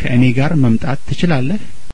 ከእኔ ጋር መምጣት ትችላለህ